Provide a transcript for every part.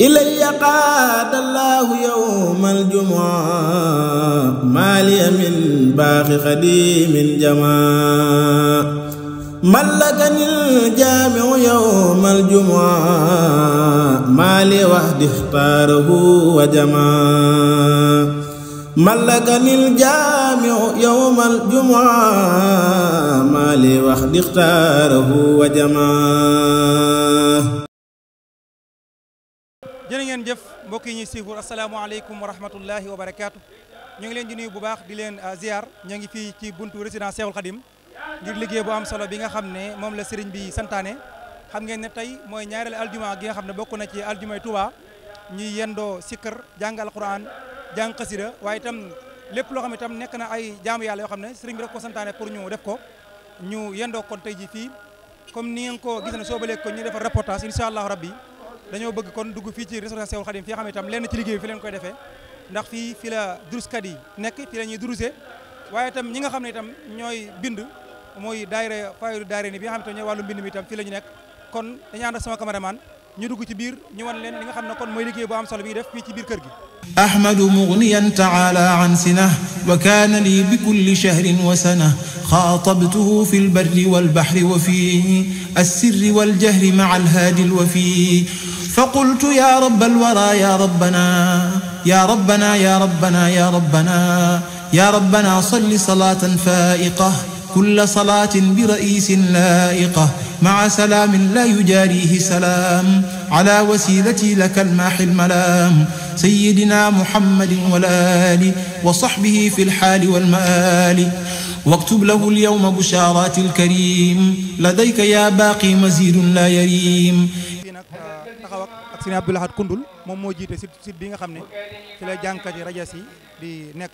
إلي قاد الله يوم الجمعة ما لي من باخ خديم جماع ملكني الجامع يوم الجمعة ما لي وحد اختاره وجماع ملكني الجامع يوم الجمعة ما لي وحد اختاره وجماع jërë ngeen jëf mbokk yi ñuy siifur asalaamaaleykum wa rahmatullahi wa barakaatu ñu ngi leen di nuyu bu baax di leen ah, ziar ñu ngi fi ci buntu résidence Cheikhul Khadim ngir liggéey bu am solo bi nga xam ne moom la sëriñ bi santaane xam ngeen ne tey mooy ñaareelu aljuma gi nga xam ne bokk na ci aljumay Touba ñuy yendoo sikkar jàng alquran jàng xasida waaye itam lépp loo xam ne itam nekk na ay jaam yàlla yoo xam ne sëriñ bi rek ko santaane pour ñu def ko ñu yendoo kon tey ji fii comme ni ngeen ko gis ne soo balee ko ñu defar reportage dañoo bëgg kon dugg fii ci restauration Cheikhoul Khadim fi nga xam ne itam lenn ci liggéey fi leen koy defee ndax fii fi la duruskat yi nekk fi la ñuy duruse waaye itam ñi nga xam ne itam ñooy bind mooy daayira fayu daayira ni bi nga xam ne ñooy wàllu mbind mi itam fii la ñu nekk kon dañu ànd ak sama cameraman ñu dugg ci biir ñu wan leen li nga xam ne kon mooy liggéey bu am solo bi def fii ci biir kër gi أحمد مغنيا تعالى عن سنه وكان لي بكل شهر وسنة خاطبته في البر والبحر وفي السر والجهر مع الهادي الوفي فقلت يا رب الورى يا ربنا يا ربنا يا ربنا يا ربنا يا ربنا صل صلاة فائقة كل صلاة برئيس لائقة مع سلام لا يجاريه سلام على وسيلتي لك الماح الملام سيدنا محمد والآل وصحبه في الحال والمآل واكتب له اليوم بشارات الكريم لديك يا باقي مزيد لا يريم Sëñ Abdou Lahad kundul mom mo jité site site bi nga xamné ci la jankati rajas yi di nek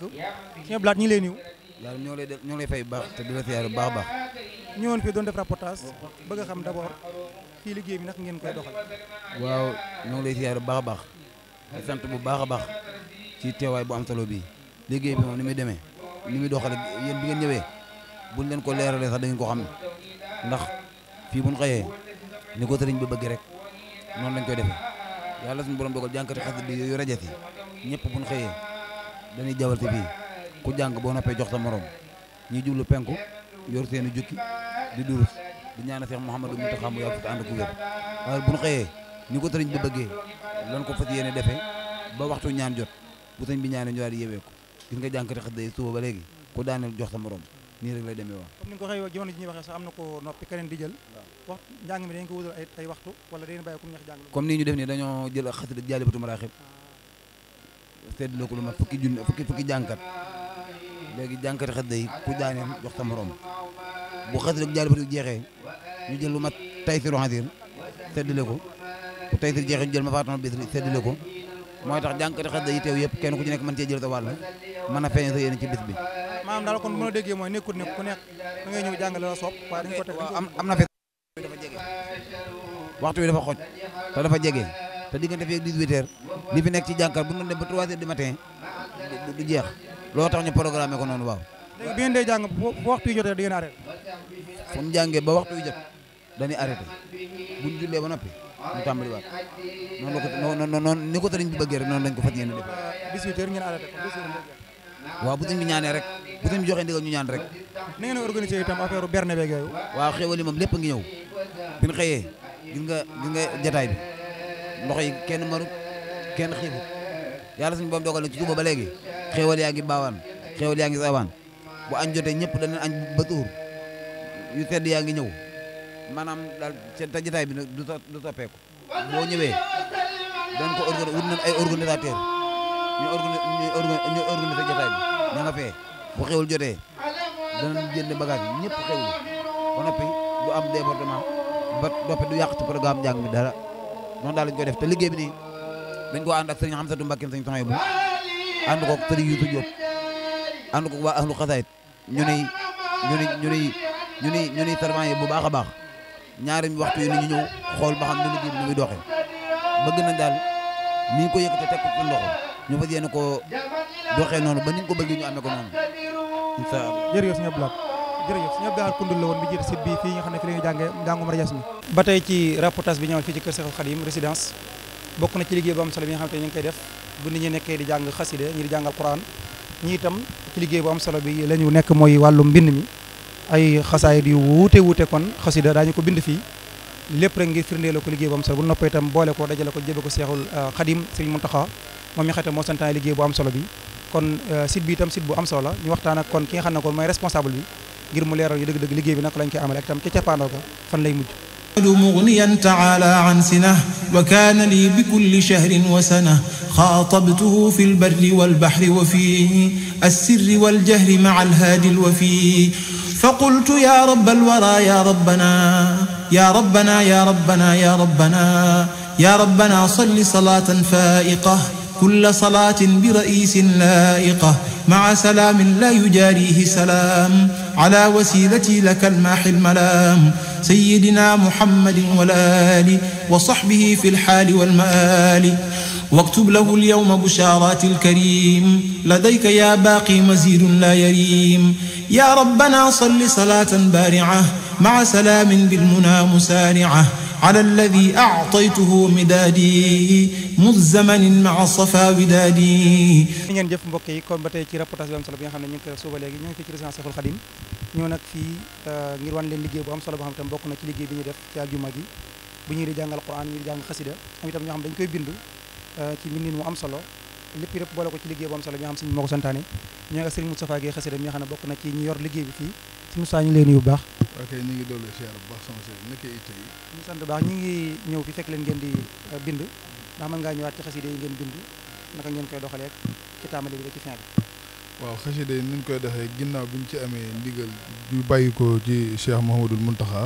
Sëñ Abdou ñi lay niw waaw ñoo lay def ñoo lay fay baax te dina la siyaare baax baax ñëwoon fi doon def reportage bëgg xam d'abord fii liggéey bi nak ngeen koy doxal waaw ñoo lay siyaare baax baax di sant bu baax baax ci téway bu am solo bi liggéey bi mo ni muy démé ni muy doxal yeen bi ngeen ñëwé buñ leen ko léralé sax dañu ko xam ndax fi buñ xeyé ni ko sëriñ bi bëgg rek non lañ koy défé yàlla suñu borom dogal jànkati xasida yooyu rajo fi ñëpp buñ xëyee dañuy jabalte bii ku jàng boo noppee jox sa morom ñi jublu penku yor seeni jukki di durus di ñaanal Seex Muhammadu Muntaxa mu a fi ànd ku wér waaye buñ xëyee ni ko sëriñ bi bëggee lan ko fas yéene defe ba waxtu ñaan jot bu sëñ bi ñaanee ñu daal di yewee ko gis nga jànkati xasida yi suba ba léegi ku daaneel jox sa morom nii rek lay demee woon comme ni nga ko am ko noppi keneen di jël wax njàng dañ ko wutal ay ay waxtu wala dañ bàyyi ku ñax comme nii ñu def nii dañoo jël xasida jaalibatu maraaxib seddloo ko lu ma fukki junni fukki fukki jàngkat léegi jàngkat xasida yi ku daaneel jox sa morom bu xasida jaalibatu jeexee ñu jël lu ma tay siru xadir seddale ko bu tay sir jeexee ñu jël ma faatama bis seddale ko mooy tax jàngkat xasida yi teew yëpp kenn ku ci nekk mën cee jël sa wàll mën a feeñ sa yéene ci bis bi maanaam daal kon bu ma la déggee mooy nekkul ne ku nekk da ngay ñëw jàngale la soob waaye dañ am na fi waxtu wi dafa xoj te dafa jege te diggante fi ak 18 heures ci jànkar bu ñu dem ba 3 di du matin du jeex loo tax ñu programmé ko noonu waaw léegi bi ngeen dee jàng bu waxtu yi ba waxtu yi jot dañuy arrêté bu jullee ba noppi ñu tàmbaliwaat noonu la ko noonu noonu ni ko sëriñ bi bëggee rek noonu lañ ko fas yéene def 18 euh, heures waaw bu sëriñ bi ñaanee rek bu ngeen joxee ndigal ñu ñaan rek ni ngeen organisé itam affaire berne beeg yooyu waaw xéwal yi moom lépp a ngi ñëw bi xëyee gis nga gis nga jataay bi ndox kenn marut kenn xiifut yàlla suñu boom dogal na ci suba ba léegi xéwal yaa ngi baawaan xéwal yaa ngi saawaan bu añ jotee ñëpp danañ añ ba tuur yu tedd yaa ngi ñëw maanaam daal te jataay bi nag du du soppeeku boo ñëwee dañ ko organiser wut nañ ay organisateur ñu organiser ñu organiser jataay bi bu xewul jotee danañ jënd bagage yi ñëpp xewul ba noppi du am débordement ba noppi du yàq ci programme njàng mi dara noonu daal lañ koy def te liggéey bi nii dañ ko ànd ak sëriñ Hamsatu Mbakke sëriñ Soxna bu ànd koog sëriñ Yuusu Jóob ànd koog waa ahlu xasaayit ñu ni ñu ni ñu ni ñu ni ñu ni servant yi bu baax a baax ñaari waxtu yi ni ñu ñëw xool ba xam ne liggéey bi nu muy doxee bëgg nañ daal ni ko yëkkate teg ko ci loxo ñu fas yéene koo doxee noonu ba ni ñu ko bëggee ñu amee ko noonu incha allah. jërëjëf woon bi jiite xam ne fi la ñuy jàngee njàngum rajas mi. ba tey ci rapportage bi ñëwal fii ci kër Cheikhoul Khadim résidence bokk na ci liggéey bu am solo bi nga ne ngi koy def bu nit ñi nekkee di jàng xaside ñi di jàngal liggéey bu am solo bi la ñu nekk mooy wàllu mbind mi ay xasaayid yu wuute wuute kon xasida daañu ko bind fii lépp rek ngir firndee la ko liggéey bu am solo bu noppee itam boole ko dajale ko jëbe ko Seexul euh, Xadim Sëriñ Muntaxa mom ñu xete mo santaane liggéey bu am solo bi kon site bi tam site bu am solo la ñu waxtaan ak kon ki nga xam ne kon mooy responsable bi ngir mu léral yu dëg dëg liggéey bi nak lañ koy amal ak tam ci cappaandaw ko fan lay mujj مغنيا تعالى عن سنه وكان لي بكل شهر وسنه خاطبته في البر والبحر وفي السر والجهر مع الهادي الوفي فقلت يا رب الورى يا ربنا يا ربنا يا ربنا يا ربنا يا ربنا صل صلاة فائقة كل صلاة برئيس لائقة مع سلام لا يجاريه سلام على وسيلتي لك الماح الملام سيدنا محمد والآل وصحبه في الحال والمآل واكتب له اليوم بشارات الكريم لديك يا باقي مزيد لا يريم يا ربنا صل صلاة بارعة مع سلام بالمنى مسارعه على الذي أعطيته مدادي مذ زمن مع صفا ودادي نين جيف مبوكي كون باتاي سي ريبورتاج بام صلو بيغا خاامني نيو كير سوبا ليغي نيو في سي ريزيدنس شيخ نيو ناك في غير وان لين ليغي بو ام صلو بو خاام تام بوكنا سي ليغي بي ني ديف سي الجمعه جي بو ني ري جانغال قران ني جانغ خسيدا ام تام نيو خاام دنج كوي بيند سي مينين مو ام صلو ليبي ريب بولاكو سي ليغي بو ام صلو بيغا خاام سيرن موكو سانتاني نيو سيرن مصطفى غي خسيدا مي خانا بوكنا سي ني يور ليغي بي في Moussa ñu leen yu nuyu bu baax. ok ñu ngi dolli siyaar bu baax sama sëriñ naka itte yi. ñu sant ñu ngi ñëw fi fekk leen ngeen di euh, bind ndax mën ngaa ñëwaat ci xasida yi ngeen bind naka ngeen koy doxalee ci tàmbali bi ci fin bi. waaw xasida yi ni ñu koy doxee ginnaaw bi ñu ci amee ndigal bi bàyyi ko ci Cheikh Mouhamadul Mountakha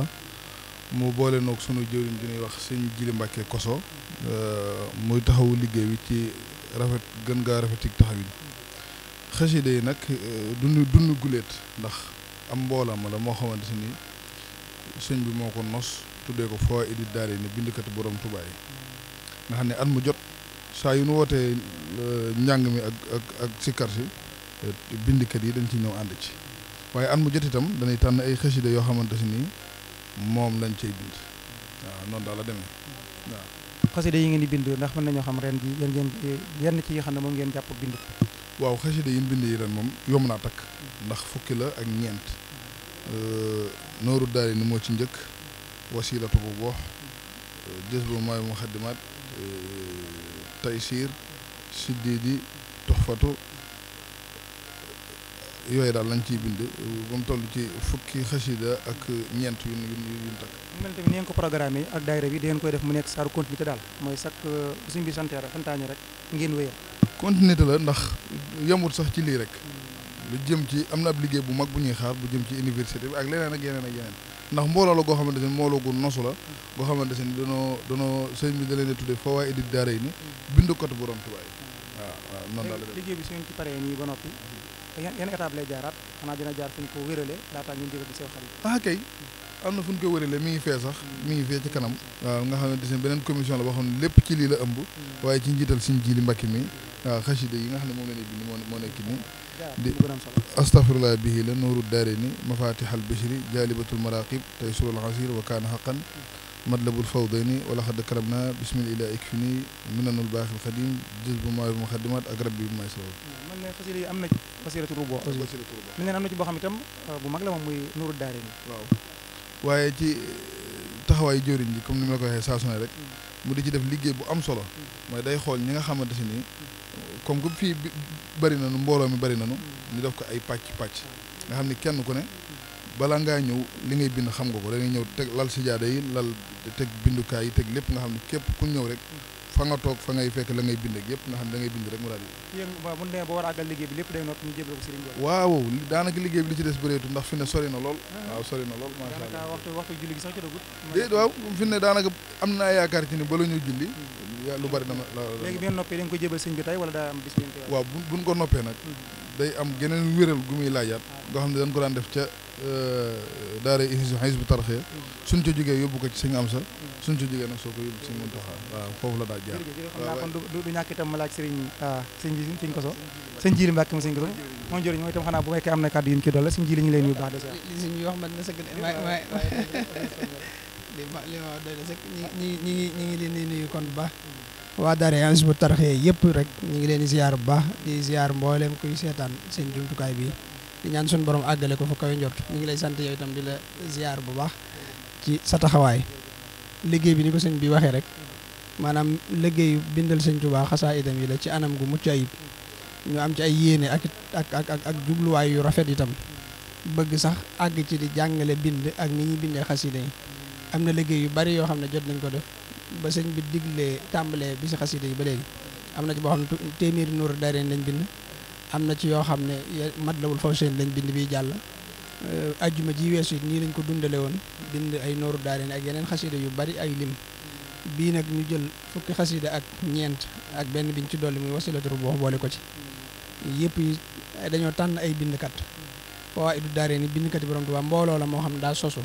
mu boole noog sunu jëwriñ bi ñuy wax sëñ Jili Mbàkke Koso. Euh, muy taxawu liggéey bi ci rafet gën ngaa rafetik taxawin xasida yi nag dund euh, dund guleet ndax am mboolaam la moo xamante nii sëñ bi moo ko nos tuddee ko foo idi daare ni bindikati borom Tuubaa yi nga xam ne at mu jot saa yu nu wootee euh, njàng mi ak ak ak sikkar si euh, bindikat yi dañ ci ñëw ànd ci waaye at mu jot itam danay tànn ay xasida yoo xamante si nii moom lañ cay bind waaw noonu daal la demee waaw xasida yi ngeen di bind ndax mën nañoo xam ren ji yan ngeen yenn ci yi xam ne moom ngeen jàpp bind waaw xasida yi bind ren moom yomb naa takk ndax fukki la ak ñeent nooru daari ni moo ci njëkk wasilatu bu boox jës bu mooy muxaddimaat taysiir siddiidi toxfatu yooyu daal lañ ciy bind ba mu toll ci fukki xasida ak ñeent yu yu yu takk. mu mel tamit ni ngeen ko programme ak daayira bi dangeen koy def mu nekk saaru continuité daal mooy sax suñ bi santeera santaane rek ngeen wéyal. continuité la ndax yemut sax ci lii rek. lu jëm ci am na ab liggéey bu mag bu ñuy xaar bu jëm ci université bi ak leneen ak yeneen ak yeneen ndax mbooloo la goo xamante ne mbooloo gu nosu la goo xamante ne danoo danoo sëñ bi da leen tuddee fawaa'id daara yi ni bind kot borom Tuubaa yi waaw waaw noonu daal liggéey bi nii ba noppi yan étape lay jaaraat xanaa dina jaar fu ñu ko wérale laataa ñu jëfandikoo seen xarit ah kay am na fu ñu ko wëralee mi ngi fee sax mu ngi fee ci kanam waaw nga xamante ne beneen commission la boo xam ne lépp ci lii la ëmb hmm. waaye ci njiital suñ ji li mbakki mi waaw xasida yi nga xam ne moom la ne bi moo nekk nii استغفر الله به لنور الدارين مفاتيح البشري جالبة المراقب تيسر العسير وكان حقا مطلب الفوضين ولقد كرمنا بسم الله اكفني من الباخر القديم جذب ما المخدمات اقرب بما يسر من فصيله امنا فصيله الربوع من امنا بو خامي تام بو نور الدارين واو واي جورين دي كوم نيمكو هي ساسون رك مودي تي ديف ليغي بو ام سولو comme que fii bëri nañu mbooloo mi bëri nañu ñu def ko ay pàcc pàcc nga xam ni kenn ku ne balaa ngaa ñëw li ngay bind xam nga ko da ngay ñëw teg lal si sijaada yi lal teg bindukaay yi teg lépp nga xam ne képp ku ñëw rek fa toog fa ngay fekk la ngay bind ak yëpp nga xam ne da ngay bind rek mu daal di waaw daanaka liggéey bi li ci des bëreetu ndax fi na ah. sax jotagul déet waaw fi ne am naa yaakaar ci ni ba la ñu julli hmm. lu bari dama léegi benn noppee da nga ko jébal sëñ bi tey wala daa am bis waaw buñ ko noppee nag hmm. day am geneen wéral gu muy laajaat ah. nga xam ne dañ ko daan def ca Euh, daara Hizbut Tarqiyyah suñ ca jógee yóbbu ko ci sëñ Amsa suñ ca jógee nag soo ko yóbbu ci sëñ Muntaxa waaw foofu la daa jaar xam naa kon du ñàkk itam ma laaj sëriñ ah, sëñ bi sëñ Koso sëñ Jiili Mbàkke ma sëñ Koso moom bu fekkee am na kàddu yu ñu ci dolli sëñ Jiili ñu leen yu baax de li sëñ bi wax man na ngi leen di bu baax yëpp rek ñi ngi leen di ziar bu baax di ziar mboolem kuy seetaan seen jumtukaay bi di ñaan suñu borom àggale ko fa kawe njort ñu ngi lay sant yow itam di la ziar bu baax ci sa taxawaay liggéey bi ni ko sëñ bi waxee rek maanaam liggéeyu bindal sëñ Tuubaa xasaa itam yi la ci anam gu mucc ayib ñu am ci ay yéene ak ak ak ak jubluwaay yu rafet yi tam bëgg sax àgg ci di jàngale bind ak ni ñuy bindee xasida yi am na liggéey yu bari yoo xam ne jot nañ ko def ba sëñ bi diglee tàmbalee bi si xasida yi ba léegi am na ci boo xam ne téeméeri nuuru daareen lañ bind am na ci yoo xam ne mat Matlabul Fawzayni lañ bind bi jàll euh, ajjuma ji weesu it nii lañ ko dundale woon bind ay nooru daareen ak yeneen xasida yu bari ay lim bii nag ñu jël fukki xasida ak ñeent ak benn biñ ci dolli muy wasilatu rubuux boole ko ci yëpp dañoo tànn ay bindkat waa idu daareen yi bindkat mbooloo la moo xam ne daa sosu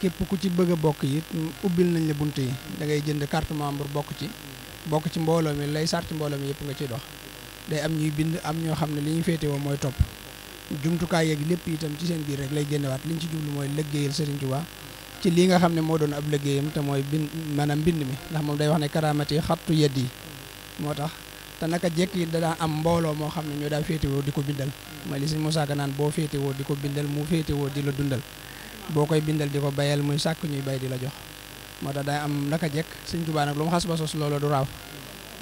képp ku ci bëgg a bokk yi ubbil nañ la bunt yi da ngay jënd carte membre bokk ci bokk ci mbooloo mi lay sarti mbooloo mi yëpp nga ciy dox day am ñuy bind am ñoo xam ne li ñu féete woo mooy topp jumtukaay yeeg lépp itam ci seen biir rek lay génnewaat li ñu ci jublu mooy liggéeyal Serigne Touba ci lii nga xam ne moo doon ab liggéeyam te mooy bind maanaam bind mi ndax moom day wax ne karaamati xattu yedd yi moo tax te naka jekk yi danaa am mbooloo moo xam ne ñoo daa féetewoo di ko bindal ma li Sëriñ Musaa Ka boo féetewoo di ko bindal mu féetewoo di la dundal boo koy bindal di ko bayal muy sàkk ñuy bay di la jox moo tax day am naka jekk Sëriñ Touba nag lu mu xas ba sos loolu du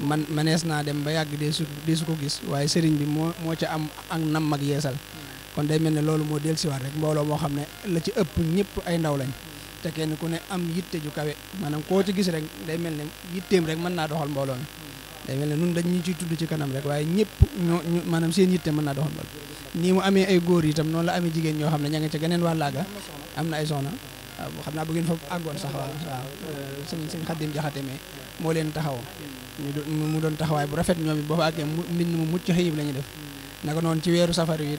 man manees naa dem ba yàgg dee su dee su ko gis waaye sëriñ bi moo moo ca am ak nam ak yeesal kon day mel ne loolu moo dellusiwaat rek mbooloo moo xam ne la ci ëpp ñëpp ay ndaw lañ te kenn ku ne am yitte ju kawe maanaam koo ci gis rek day mel ne yitteem rek mën naa doxal mbooloo mi day mel ne nun dañ ñu ciy tudd ci kanam rek waaye ñëpp ñoo maanaam seen yitte mën naa doxal mbooloo nii mu amee ay góor itam noonu la amee jigéen ñoo xam ne ña nga ca geneen wàllaaga am na ay soxna waaw xam naa bu ngeen fa àggoon sax waaw waaw euh, sëñ sëñ Xadim Jaxate mais moo leen taxaw ñu mu doon taxawaay bu rafet ñoom it boo fa àggee nit ñi mu mucc xëyib la ñu def naka noonu ci weeru safar yi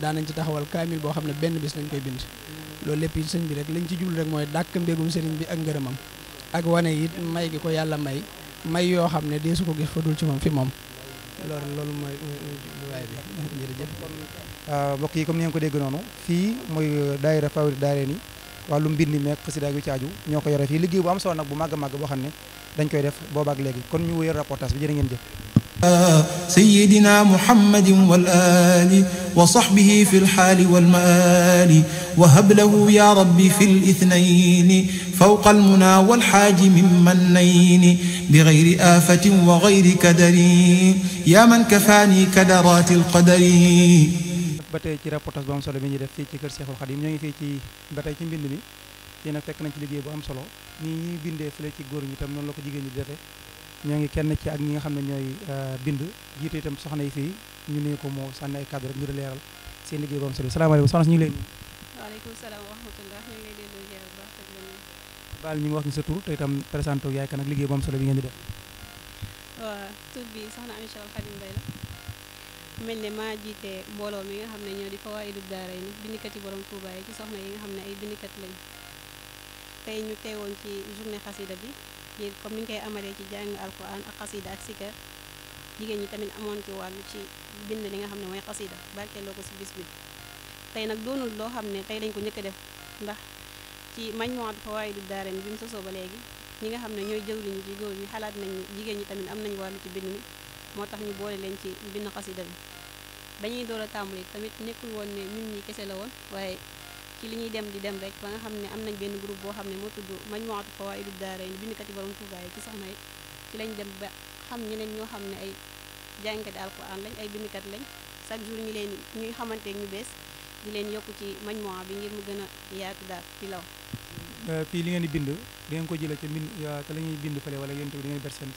daanañ ci taxawal kaamil boo xam ne benn bis lañ koy bind loolu lépp sëñ bi rek lañ ci jublu rek mooy dàkk mbégum sëriñ bi ak ngërëmam ak wane it may gi ko yàlla may may yoo xam ne deesu ko gis fa dul ci moom fi moom loolu loolu mooy jubluwaay bi jërëjëf euh, bokk yi comme ni ngeen ko dégg noonu fii mooy euh, daayira Fawri Daarayni wàllu mbind meeg xasida yu ci ñoko ñoo ko yore fii liggéey bu am solo nak bu mag mag bo xamné dañ koy def ak légui kon ñu wéyal reportage bi jërë ngeen jëf سيدنا محمد والآل وصحبه في الحال والمآل وهب له يا ربي في الإثنين فوق المنى والحاج من منين بغير آفة وغير كدر يا من كفاني كدرات القدر ba tey ci reportage bu am solo bi ñuy def fii ci kër Seexul Xadim ñoo ngi fii ci ba tey ci mbind mi fii nag fekk nañ ci liggéey bu am solo ñi ñuy bindee ci góor ñi tam noonu la ko jigéen ñi defee ñoo ngi kenn ci ak ñi nga xam ne ñooy euh, bind jiite itam soxna yi fii ñu nuyu ko moo sànni ay cadre rek ngir leeral seen liggéey bu am solo ñu ngi leen waaleykum salaam wa rahmatullah ñu ngi wax ñu sa tur te itam présenté yaay kan liggéey bu solo bi ngeen di def waaw tur bi soxna Amy Chawal Xadim Mbaye la mel ni maa jiite mbooloo mi nga xam ne ñoo di fawaayidu daara yi bindikati borom Touba yi ci soxna yi nga xam ne ay bindikat lañ tey ñu teewoon ci journée xasida bi ñi comme ni ñu koy amalee ci jàng alquran ak xasida ak sika jigéen ñi tamit amoon ci wàllu ci bind li nga xam ne mooy xasida barkeeloo ko si bis tey nag doonul loo xam ne tey dañ ko njëkk a def ndax ci majmuat fawaayidu daara bi mu sosoo ba léegi ñi nga xam ne ñooy jëwriñu ci góor ñi xalaat nañ jigéen ñi tamit am nañ wàllu ci bind mi moo tax ñu boole leen ci bind xasida bi bañuy door a tàmbali tamit nekkul woon ne ñun ñi kese la woon waaye ci li ñuy dem di dem rek ba nga xam ne am nañ benn groupe boo xam ne moo tudd majmuatu fawaidu daarayn bindkat yi borom Tuubaa yi ci soxna yi ci lañ dem ba xam ñeneen ñoo xam ne ay jàngkati alquran lañ ay bindkat lañ chaque jour ñi leen ñuy xamante ñu bees di leen yokk ci majmua bi ngir mu gën a yaatu daal ci law euh, fii li ngeen di bind di ngeen ko jëlee ci mbind te euh, la ñuy bind fële wala yéen tamit di ngeen ber seen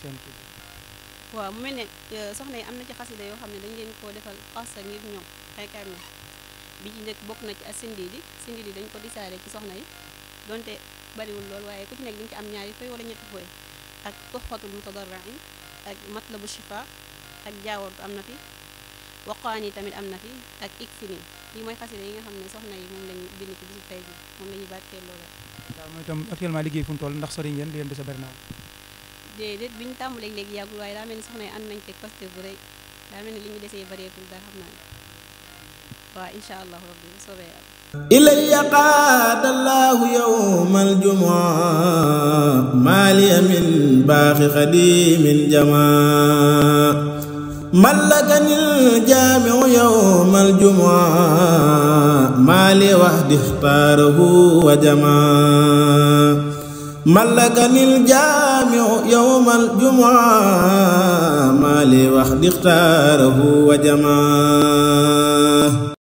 waaw mu mel ne euh, soxna yi am na ci xasida yoo xam ne dañ leen koo defal xasa ngir ñoom xaykaam na bi ci nekk bokk na ci ak sindiidi yi dañ ko disaare ci soxna yi donte bariwul lool waaye ku ci nekk dañ ci am ñaari fooy wala ñetti fooy ak tuxfatul mutadarrin ak matlabu shifa ak jaawartu am na fi waqaan yi tamit am na fi ak ikfini mooy xasida yi nga xam ne soxna yi moom lañu bind ci bisu tey moom la ñuy bàkkee loolu daal mooy itam actuellement liggéey fu mu toll ndax sori ngeen di leen dese bari naa déedéet bi ñu tàmbalee léegi yàggul waaye daa mel ni soxna yi ànd nañ ci poste bu rëy daa mel ni li ñu desee bareetul daa xam naa waaw incha allahu rabbi bu soobee yàlla ilayya qaada allahu yowma aljumua maaliya min baaxi xadimin jama ملكني الجامع يوم الجمعة مالي وحدي اختاره وجمعه ملكني الجامع يوم الجمعة مالي لي اختاره وجماه